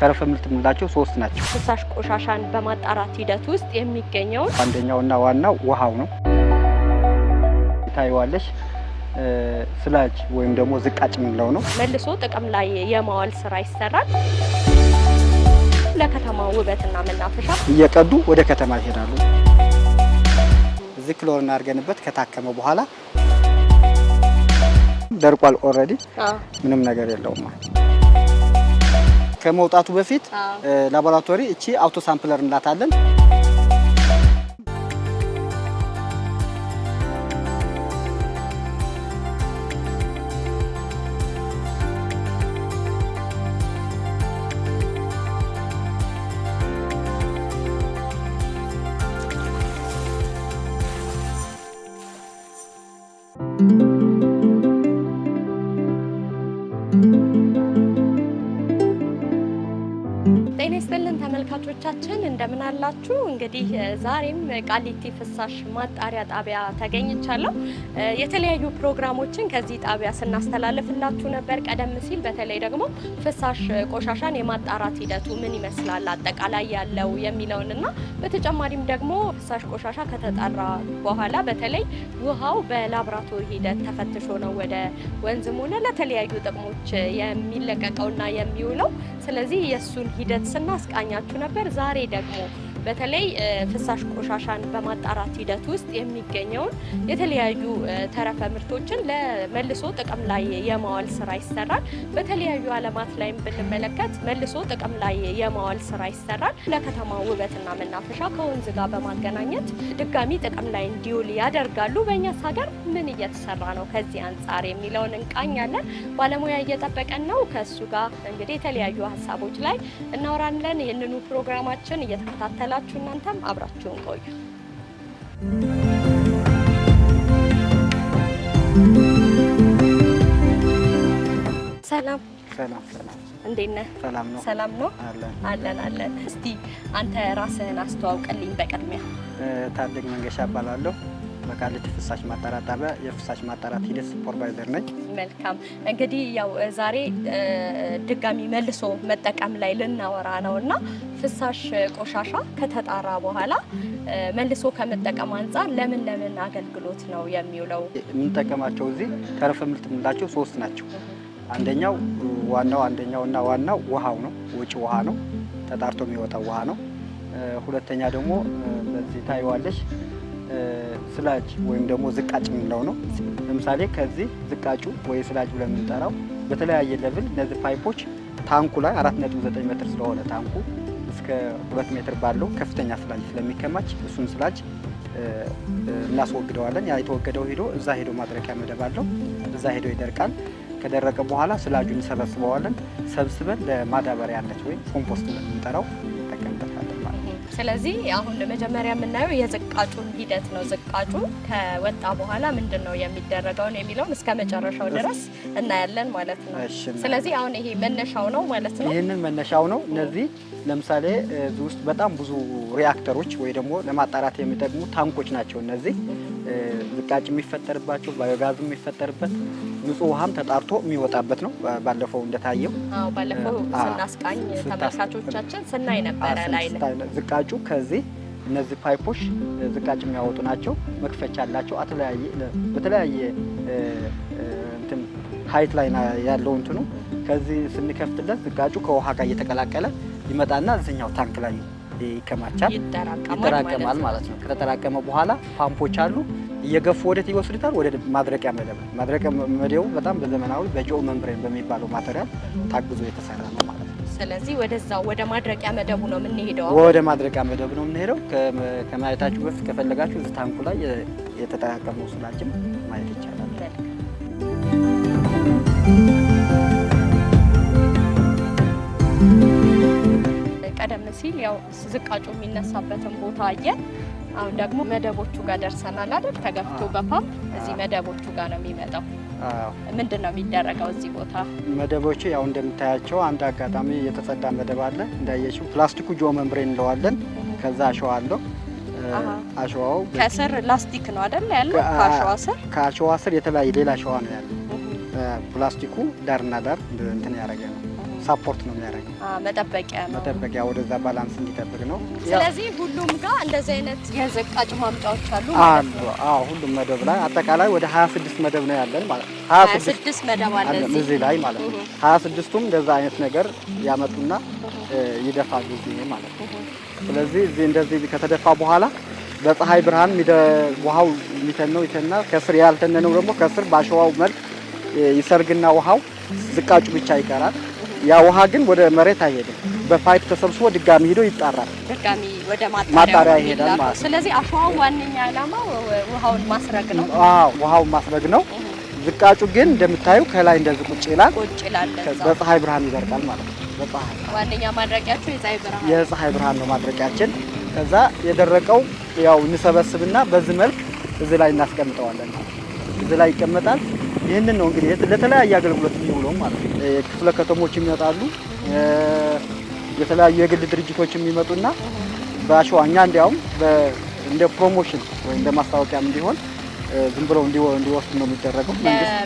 ተረፈ ምርት የምንላቸው ሶስት ናቸው። ፍሳሽ ቆሻሻን በማጣራት ሂደት ውስጥ የሚገኘው አንደኛውና ዋናው ውሃው ነው። ታይዋለሽ ስላጅ ወይም ደግሞ ዝቃጭ የምንለው ነው። መልሶ ጥቅም ላይ የማዋል ስራ ይሰራል። ለከተማ ውበትና መናፈሻ እየቀዱ ወደ ከተማ ይሄዳሉ። እዚህ ክሎርን ከታከመ በኋላ ደርቋል። ኦልሬዲ ምንም ነገር የለውም። ከመውጣቱ በፊት ላቦራቶሪ እቺ አውቶ ሳምፕለር እንላታለን። thank you ተመልካቾቻችን እንደምን አላችሁ? እንግዲህ ዛሬም ቃሊቲ ፍሳሽ ማጣሪያ ጣቢያ ተገኝቻለሁ። የተለያዩ ፕሮግራሞችን ከዚህ ጣቢያ ስናስተላልፍላችሁ ነበር። ቀደም ሲል በተለይ ደግሞ ፍሳሽ ቆሻሻን የማጣራት ሂደቱ ምን ይመስላል አጠቃላይ ያለው የሚለውን እና በተጨማሪም ደግሞ ፍሳሽ ቆሻሻ ከተጣራ በኋላ በተለይ ውሃው በላብራቶሪ ሂደት ተፈትሾ ነው ወደ ወንዝም ሆነ ለተለያዩ ጥቅሞች የሚለቀቀውና የሚውለው። ስለዚህ የእሱን ሂደት ስናስቃኛችሁ ነበር። বাড়ি ডাকবো በተለይ ፍሳሽ ቆሻሻን በማጣራት ሂደት ውስጥ የሚገኘውን የተለያዩ ተረፈ ምርቶችን ለመልሶ ጥቅም ላይ የማዋል ስራ ይሰራል። በተለያዩ አለማት ላይም ብንመለከት መልሶ ጥቅም ላይ የማዋል ስራ ይሰራል። ለከተማ ውበትና መናፈሻ ከወንዝ ጋር በማገናኘት ድጋሚ ጥቅም ላይ እንዲውል ያደርጋሉ። በእኛስ ሀገር ምን እየተሰራ ነው ከዚህ አንጻር የሚለውን እንቃኛለን። ባለሙያ እየጠበቀን ነው። ከእሱ ጋር እንግዲህ የተለያዩ ሀሳቦች ላይ እናወራለን። ይህንኑ ፕሮግራማችን እየተከታተለ እያላችሁ እናንተም አብራችሁን ቆዩ። ሰላም ሰላም፣ እንዴት ነህ? ሰላም ነው ሰላም ነው አለን አለን። እስቲ አንተ ራስህን አስተዋውቅልኝ በቅድሚያ። ታደግ መንገሻ እባላለሁ። በቃሊቲ ፍሳሽ ማጣራት ጣቢያ የፍሳሽ ማጣራት ሂደት ሱፐርቫይዘር ነኝ። መልካም እንግዲህ ያው ዛሬ ድጋሚ መልሶ መጠቀም ላይ ልናወራ ነው እና ፍሳሽ ቆሻሻ ከተጣራ በኋላ መልሶ ከመጠቀም አንጻር ለምን ለምን አገልግሎት ነው የሚውለው? የምንጠቀማቸው እዚህ ተረፈ ምርት የምንላቸው ሶስት ናቸው። አንደኛው ዋናው አንደኛው እና ዋናው ውሃው ነው። ውጭ ውሃ ነው፣ ተጣርቶ የሚወጣው ውሃ ነው። ሁለተኛ ደግሞ በዚህ ታይዋለሽ ስላጅ ወይም ደግሞ ዝቃጭ የምንለው ነው። ለምሳሌ ከዚህ ዝቃጩ ወይ ስላጅ ብለን የምንጠራው በተለያየ ለብል እነዚህ ፓይፖች ታንኩ ላይ 4.9 ሜትር ስለሆነ ታንኩ እስከ 2 ሜትር ባለው ከፍተኛ ስላጅ ስለሚከማች እሱን ስላጅ እናስወግደዋለን። ያ የተወገደው ሄዶ እዛ ሄዶ ማድረቂያ መደብ አለው። እዛ ሄዶ ይደርቃል። ከደረቀ በኋላ ስላጁን እንሰበስበዋለን። ሰብስበን ለማዳበሪያነት ወይም ኮምፖስት ነው የምንጠራው ስለዚህ አሁን መጀመሪያ የምናየው የዝቃጩን ሂደት ነው። ዝቃጩ ከወጣ በኋላ ምንድን ነው የሚደረገውን የሚለውን እስከ መጨረሻው ድረስ እናያለን ማለት ነው። ስለዚህ አሁን ይሄ መነሻው ነው ማለት ነው። ይህንን መነሻው ነው። እነዚህ ለምሳሌ እዚህ ውስጥ በጣም ብዙ ሪያክተሮች ወይ ደግሞ ለማጣራት የሚጠቅሙ ታንኮች ናቸው። እነዚህ ዝቃጭ የሚፈጠርባቸው ባዮጋዝ የሚፈጠርበት ንጹህ ውሃም ተጣርቶ የሚወጣበት ነው። ባለፈው እንደታየው ባለፈው ስናስቃኝ ተመልካቾቻችን ስናይ ነበረ። ላይ ዝቃጩ ከዚህ እነዚህ ፓይፖች ዝቃጭ የሚያወጡ ናቸው። መክፈቻ አላቸው። በተለያየ እንትን ሀይት ላይ ያለው እንትኑ ከዚህ ስንከፍትለት ዝቃጩ ከውሃ ጋር እየተቀላቀለ ይመጣና እዚህኛው ታንክ ላይ ይከማቻል፣ ይጠራቀማል ማለት ነው። ከተጠራቀመ በኋላ ፓምፖች አሉ እየገፉ ወደት ይወስዱታል? ወደ ማድረቂያ መደብ። ማድረቂያ መደቡ በጣም በዘመናዊ በጂኦ መምብሬን በሚባለው ማቴሪያል ታግዞ የተሰራ ነው ማለት ነው። ስለዚህ ወደዛ ወደ ማድረቂያ መደቡ ነው የምንሄደው። ወደ ማድረቂያ መደቡ ነው የምንሄደው። ከማየታችሁ በፊት ከፈለጋችሁ እዚህ ታንኩ ላይ የተጠራቀመው ስላችም ማየት ይቻላል። ቀደም ሲል ያው ዝቃጩ የሚነሳበትን ቦታ አየን። አሁን ደግሞ መደቦቹ ጋር ደርሰናል አይደል? ተገፍቶ በፓምፕ እዚህ መደቦቹ ጋር ነው የሚመጣው። ምንድን ነው የሚደረገው እዚህ ቦታ? መደቦቹ ያው እንደምታያቸው አንድ አጋጣሚ የተጸዳ መደብ አለ እንዳየችው። ፕላስቲኩ ጆ መምብሬን እንለዋለን። ከዛ አሸዋ አለው። አሸዋው ከስር ላስቲክ ነው አይደል ያለው? ከአሸዋ ስር ከአሸዋ ስር የተለያየ ሌላ አሸዋ ነው ያለው። ፕላስቲኩ ዳርና ዳር እንትን ያደረገ ነው ሳፖርት ነው የሚያደርገው መጠበቂያ ነው መጠበቂያ ወደዛ ባላንስ እንዲጠብቅ ነው። ስለዚህ ሁሉም ጋር እንደዚህ አይነት የዘቃጭ ማምጫዎች አሉ አሉ። ሁሉም መደብ ላይ አጠቃላይ ወደ 26 መደብ ነው ያለን ማለት ነው። 26 መደብ አለ እዚህ ላይ ማለት ነው ሀያ ስድስቱም እንደዛ አይነት ነገር ያመጡና ይደፋሉ እዚህ ማለት ነው። ስለዚህ እዚህ እንደዚህ ከተደፋ በኋላ በፀሐይ ብርሃን ውሃው የሚተነው ይተና፣ ከስር ያልተነነው ደግሞ ከስር ባሸዋው መልክ ይሰርግና ውሃው ዝቃጩ ብቻ ይቀራል። ያ ውሃ ግን ወደ መሬት አይሄድም። በፓይፕ ተሰብስቦ ድጋሚ ሄዶ ይጣራል፣ ድጋሚ ወደ ማጣሪያ ይሄዳል ማለት ነው። ስለዚህ አሸዋው ዋነኛ ዓላማው ውሃውን ማስረግ ነው። አዎ ውሃውን ማስረግ ነው። ዝቃጩ ግን እንደምታዩ ከላይ እንደዚህ ቁጭ ይላል፣ በፀሐይ ብርሃን ይደርቃል ማለት ነው። በፀሐይ ዋነኛ ማድረቂያቸው የፀሐይ ብርሃን ነው ማድረቂያችን። ከዛ የደረቀው ያው እንሰበስብና በዚህ መልክ እዚህ ላይ እናስቀምጠዋለን። እዚህ ላይ ይቀመጣል። ይህንን ነው እንግዲህ ለተለያየ አገልግሎት የሚውለው ማለት ነው። ክፍለ ከተሞች ይመጣሉ፣ የተለያዩ የግል ድርጅቶች የሚመጡና በአሸዋ እኛ እንዲያውም እንደ ፕሮሞሽን ወይ እንደ ማስታወቂያም እንዲሆን ዝም ብለው እንዲወስዱ ነው የሚደረገው።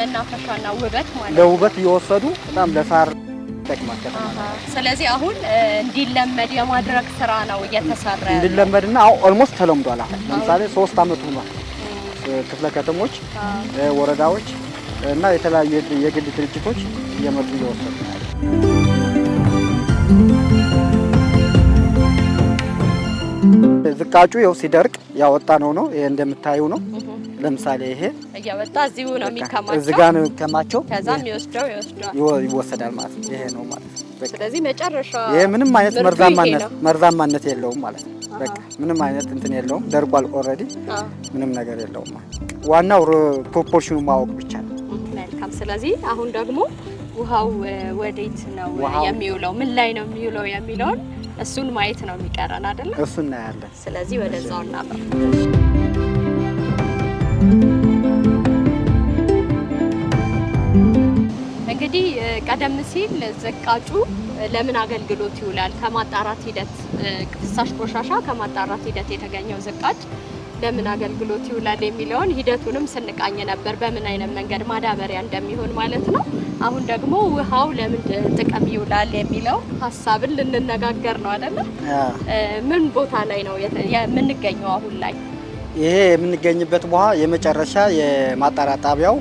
መናፈሻና ውበት ማለት ለውበት እየወሰዱ በጣም ለሳር ስለዚህ አሁን እንዲለመድ የማድረግ ስራ ነው እየተሰራ እንዲለመድና ኦልሞስት ተለምዷል። አሁን ለምሳሌ ሶስት አመት ሆኗል። ክፍለ ከተሞች፣ ወረዳዎች እና የተለያዩ የግል ድርጅቶች እየመጡ እየወሰዱ ነው። ዝቃጩ ይኸው ሲደርቅ ያወጣ ነው ነው። ይሄ እንደምታዩ ነው። ለምሳሌ ይሄ እያወጣ እዚሁ ነው የሚከማቸው፣ እዚህ ጋር ነው የሚከማቸው። ከዛም ይወስደው ይወስደዋል፣ ይወሰዳል ማለት ነው። ይሄ ነው ማለት ነው። ስለዚህ መጨረሻ ይሄ ምንም አይነት መርዛማነት መርዛማነት የለውም ማለት ነው። በቃ ምንም አይነት እንትን የለውም። ደርቋል ኦልሬዲ፣ ምንም ነገር የለውም ማለት ዋናው ፕሮፖርሽኑ ማወቅ ብቻ ነው። መልካም። ስለዚህ አሁን ደግሞ ውሃው ወዴት ነው የሚውለው፣ ምን ላይ ነው የሚውለው የሚለውን እሱን ማየት ነው የሚቀረን አይደለ? እሱ እናያለን። ስለዚህ ወደዛው እናበር እንግዲህ ቀደም ሲል ዘቃጩ ለምን አገልግሎት ይውላል? ከማጣራት ሂደት ፍሳሽ ቆሻሻ ከማጣራት ሂደት የተገኘው ዘቃጭ ለምን አገልግሎት ይውላል የሚለውን ሂደቱንም ስንቃኝ ነበር፣ በምን አይነት መንገድ ማዳበሪያ እንደሚሆን ማለት ነው። አሁን ደግሞ ውሃው ለምን ጥቅም ይውላል የሚለው ሀሳብን ልንነጋገር ነው አይደለ? ምን ቦታ ላይ ነው የምንገኘው አሁን ላይ? ይሄ የምንገኝበት ውሃ የመጨረሻ የማጣሪያ ጣቢያው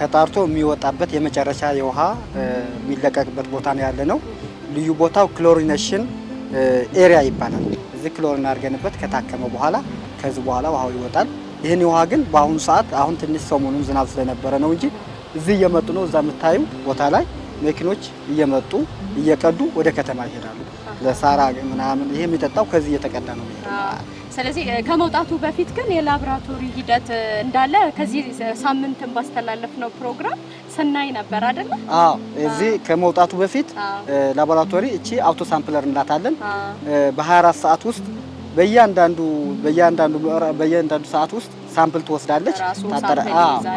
ተጣርቶ የሚወጣበት የመጨረሻ የውሃ የሚለቀቅበት ቦታ ነው ያለ ነው። ልዩ ቦታው ክሎሪኔሽን ኤሪያ ይባላል። ዝክሎሪን አድርገንበት ከታከመ በኋላ ከዚህ በኋላ ውሃው ይወጣል። ይህን ውሃ ግን በአሁኑ ሰዓት አሁን ትንሽ ሰሞኑን ዝናብ ስለነበረ ነው እንጂ እዚህ እየመጡ ነው። እዛ የምታዩ ቦታ ላይ መኪኖች እየመጡ እየቀዱ ወደ ከተማ ይሄዳሉ። ለሳራ ምናምን ይሄ የሚጠጣው ከዚህ እየተቀዳ ነው። ስለዚህ ከመውጣቱ በፊት ግን የላብራቶሪ ሂደት እንዳለ ከዚህ ሳምንትን ባስተላለፍ ነው ፕሮግራም ስናይ ነበር አይደለ? አዎ፣ እዚህ ከመውጣቱ በፊት ላቦራቶሪ እቺ አውቶ ሳምፕለር እንላታለን በ24 ሰዓት ውስጥ በእያንዳንዱ በእያንዳንዱ በእያንዳንዱ ሰዓት ውስጥ ሳምፕል ትወስዳለች።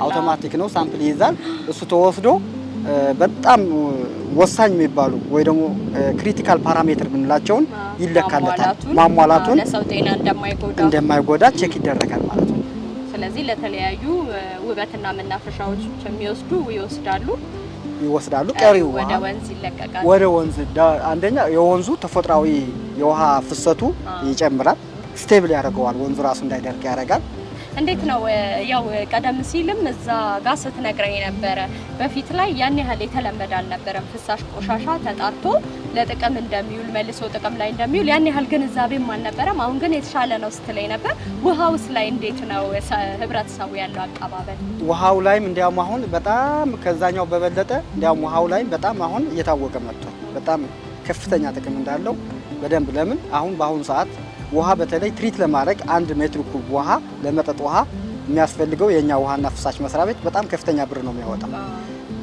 አውቶማቲክ ነው፣ ሳምፕል ይይዛል። እሱ ተወስዶ በጣም ወሳኝ የሚባሉ ወይ ደግሞ ክሪቲካል ፓራሜትር የምንላቸውን ይለካለታል። ማሟላቱን ለሰው ጤና እንደማይጎዳ ቼክ ይደረጋል ማለት ነው። ስለዚህ ለተለያዩ ውበትና መናፈሻዎች የሚወስዱ ይወስዳሉ ይወስዳሉ ቀሪው ወደ ወንዝ ይለቀቃል። ወደ ወንዝ አንደኛ የወንዙ ተፈጥሯዊ የውሃ ፍሰቱ ይጨምራል፣ ስቴብል ያደርገዋል። ወንዙ ራሱ እንዳይደርቅ ያደርጋል። እንዴት ነው ያው ቀደም ሲልም እዛ ጋር ስትነግረኝ ነበረ፣ በፊት ላይ ያን ያህል የተለመደ አልነበረም። ፍሳሽ ቆሻሻ ተጣርቶ ለጥቅም እንደሚውል መልሶ ጥቅም ላይ እንደሚውል ያን ያህል ግንዛቤም አልነበረም። አሁን ግን የተሻለ ነው ስትለኝ ነበር። ውሃውስ ላይ እንዴት ነው ህብረተሰቡ ያለው አቀባበል? ውሃው ላይም እንዲያውም አሁን በጣም ከዛኛው በበለጠ እንዲያውም ውሃው ላይም በጣም አሁን እየታወቀ መጥቷል። በጣም ከፍተኛ ጥቅም እንዳለው በደንብ ለምን አሁን በአሁኑ ሰዓት ውሃ በተለይ ትሪት ለማድረግ አንድ ሜትር ኩብ ውሃ ለመጠጥ ውሃ የሚያስፈልገው የእኛ ውሃና ፍሳሽ መስሪያ ቤት በጣም ከፍተኛ ብር ነው የሚያወጣው።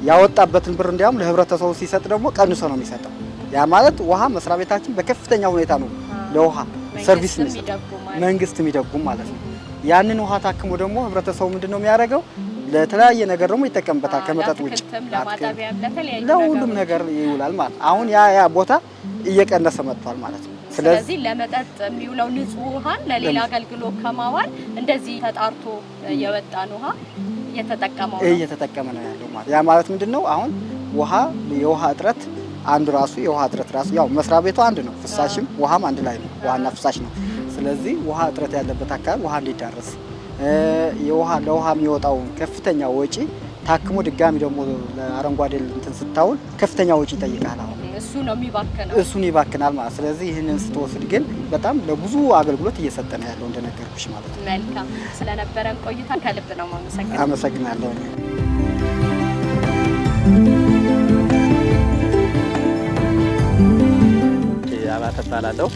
ያወጣበትን ብር እንዲያውም ለህብረተሰቡ ሲሰጥ ደግሞ ቀንሶ ነው የሚሰጠው። ያ ማለት ውሃ መስሪያ ቤታችን በከፍተኛ ሁኔታ ነው ለውሃ ሰርቪስ መንግስት የሚደጉም ማለት ነው። ያንን ውሃ ታክሞ ደግሞ ህብረተሰቡ ምንድን ነው የሚያደርገው? ለተለያየ ነገር ደግሞ ይጠቀምበታል። ከመጠጥ ውጭ ለሁሉም ነገር ይውላል ማለት ነው። አሁን ያ ያ ቦታ እየቀነሰ መጥቷል ማለት ነው። ስለዚህ ለመጠጥ የሚውለው ንጹህ ውሃን ለሌላ አገልግሎት ከማዋል እንደዚህ ተጣርቶ የወጣን ውሃ እየተጠቀመው እየተጠቀመ ነው ያለው ማለት ያ ማለት ምንድን ነው አሁን ውሃ የውሃ እጥረት አንዱ ራሱ የውሃ እጥረት ራሱ ያው መስሪያ ቤቱ አንድ ነው፣ ፍሳሽም ውሃም አንድ ላይ ነው። ውሃና ፍሳሽ ነው። ስለዚህ ውሃ እጥረት ያለበት አካባቢ ውሃ እንዲዳረስ የውሃ ለውሃ የሚወጣው ከፍተኛ ወጪ ታክሞ ድጋሚ ደግሞ ለአረንጓዴ እንትን ስታውል ከፍተኛ ወጪ ይጠይቃል። አሁን እሱ ነው የሚባክነው፣ እሱን ይባክናል ማለት ስለዚህ ይህንን ስትወስድ ግን በጣም ለብዙ አገልግሎት እየሰጠ ነው ያለው እንደነገርኩሽ ማለት ነው። መልካም ስለነበረን ቆይታ ከልብ ነው ማመሰግናለሁ። አመሰግናለሁ። አባተ እባላለሁ።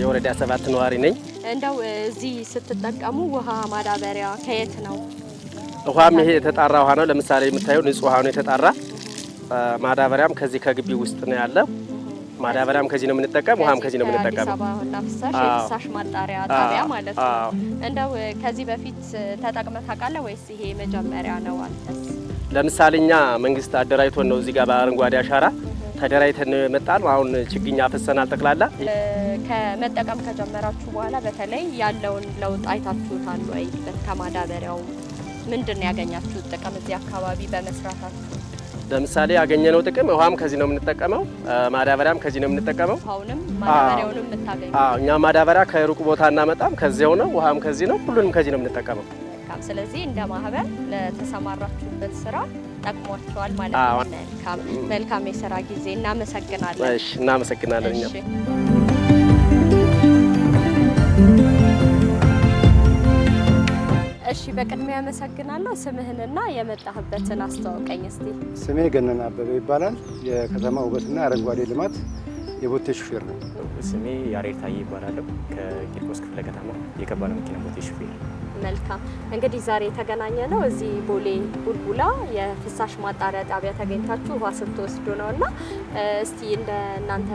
የወረዳ ሰባት ነዋሪ ነኝ። እንደው እዚህ ስትጠቀሙ ውሃ ማዳበሪያ ከየት ነው? ውሃም ይሄ የተጣራ ውሃ ነው። ለምሳሌ የምታየው ንጹህ ውሃ ነው የተጣራ። ማዳበሪያም ከዚህ ከግቢ ውስጥ ነው ያለው። ማዳበሪያም ከዚህ ነው የምንጠቀም፣ ውሃም ከዚህ ነው የምንጠቀም። የፍሳሽ ማጣሪያ ጣቢያ ማለት ነው። እንደው ከዚህ በፊት ተጠቅመ ታውቃለህ ወይስ ይሄ መጀመሪያ ነው? አንተስ? ለምሳሌ እኛ መንግስት አደራጅቶን ነው እዚህ ጋር በአረንጓዴ አሻራ ተደራጅተን ነው የመጣ ነው። አሁን ችግኝ አፈሰናል። ጠቅላላ ከመጠቀም ከጀመራችሁ በኋላ በተለይ ያለውን ለውጥ አይታችሁታል ወይ? ከማዳበሪያው ምንድን ነው ያገኛችሁት ጥቅም እዚህ አካባቢ በመስራታችሁ? ለምሳሌ ያገኘነው ጥቅም ውሃም ከዚህ ነው የምንጠቀመው፣ ማዳበሪያም ከዚህ ነው የምንጠቀመው። እኛ ማዳበሪያ ከሩቅ ቦታ እናመጣም፣ ከዚያው ነው። ውሃም ከዚህ ነው፣ ሁሉንም ከዚህ ነው የምንጠቀመው። ስለዚህ እንደ ማህበር ለተሰማራችሁበት ስራ ጠቅሟቸዋል ማለት ነው። መልካም መልካም የስራ ጊዜ። እናመሰግናለን። እናመሰግናለን እኛም እሺ በቅድሚያ ያመሰግናለሁ። ስምህንና የመጣህበትን አስተዋውቀኝ እስቲ። ስሜ ገነና አበበ ይባላል። የከተማ ውበትና አረንጓዴ ልማት የቦቴ ሹፌር ነው። ስሜ ያሬድ ታዬ ይባላለሁ። ከቂርቆስ ክፍለ ከተማ የከባድ መኪና ቦቴ ሹፌር መልካም እንግዲህ ዛሬ የተገናኘ ነው እዚህ ቦሌ ቡልቡላ የፍሳሽ ማጣሪያ ጣቢያ ተገኝታችሁ ውሃ ስትወስዱ ነው እና እስቲ እንደ እናንተ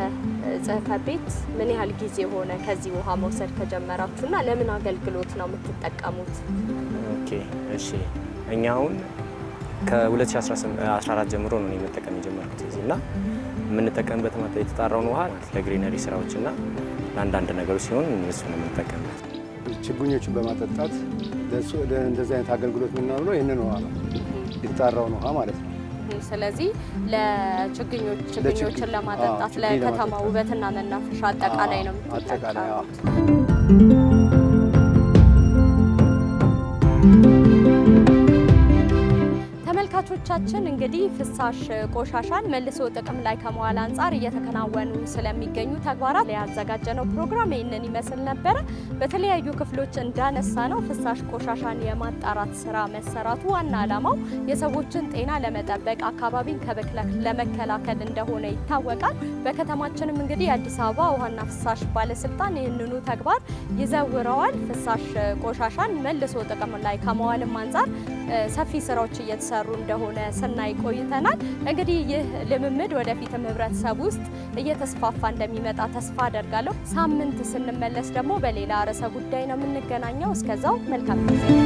ጽህፈት ቤት ምን ያህል ጊዜ ሆነ ከዚህ ውሃ መውሰድ ከጀመራችሁ እና ለምን አገልግሎት ነው የምትጠቀሙት? ኦኬ እሺ፣ እኛ አሁን ከ2014 ጀምሮ ነው መጠቀም የጀመርኩት እዚህ እና የምንጠቀምበት የተጣራውን ውሃ ለግሪነሪ ስራዎች እና ለአንዳንድ ነገሮች ሲሆን ነው የምንጠቀምበት ችግኞችን በማጠጣት እንደዚህ አይነት አገልግሎት የምናውለው ይህንን ውሃ ነው፣ የተጣራውን ውሃ ማለት ነው። ስለዚህ ለችግኞችን ለማጠጣት ለከተማ ውበትና መናፈሻ አጠቃላይ ነው። ተመልካቾቻችን እንግዲህ ፍሳሽ ቆሻሻን መልሶ ጥቅም ላይ ከመዋል አንጻር እየተከናወኑ ስለሚገኙ ተግባራት ያዘጋጀነው ፕሮግራም ይህንን ይመስል ነበረ። በተለያዩ ክፍሎች እንዳነሳ ነው ፍሳሽ ቆሻሻን የማጣራት ስራ መሰራቱ ዋና ዓላማው የሰዎችን ጤና ለመጠበቅ አካባቢን ከብክለት ለመከላከል እንደሆነ ይታወቃል። በከተማችንም እንግዲህ የአዲስ አበባ ውሃና ፍሳሽ ባለስልጣን ይህንኑ ተግባር ይዘውረዋል። ፍሳሽ ቆሻሻን መልሶ ጥቅም ላይ ከመዋልም አንጻር ሰፊ ስራዎች እየተሰሩ እንደሆነ ስናይ ቆይተናል። እንግዲህ ይህ ልምምድ ወደፊትም ህብረተሰብ ውስጥ እየተስፋፋ እንደሚመጣ ተስፋ አደርጋለሁ። ሳምንት ስንመለስ ደግሞ በሌላ ርዕሰ ጉዳይ ነው የምንገናኘው። እስከዛው መልካም ጊዜ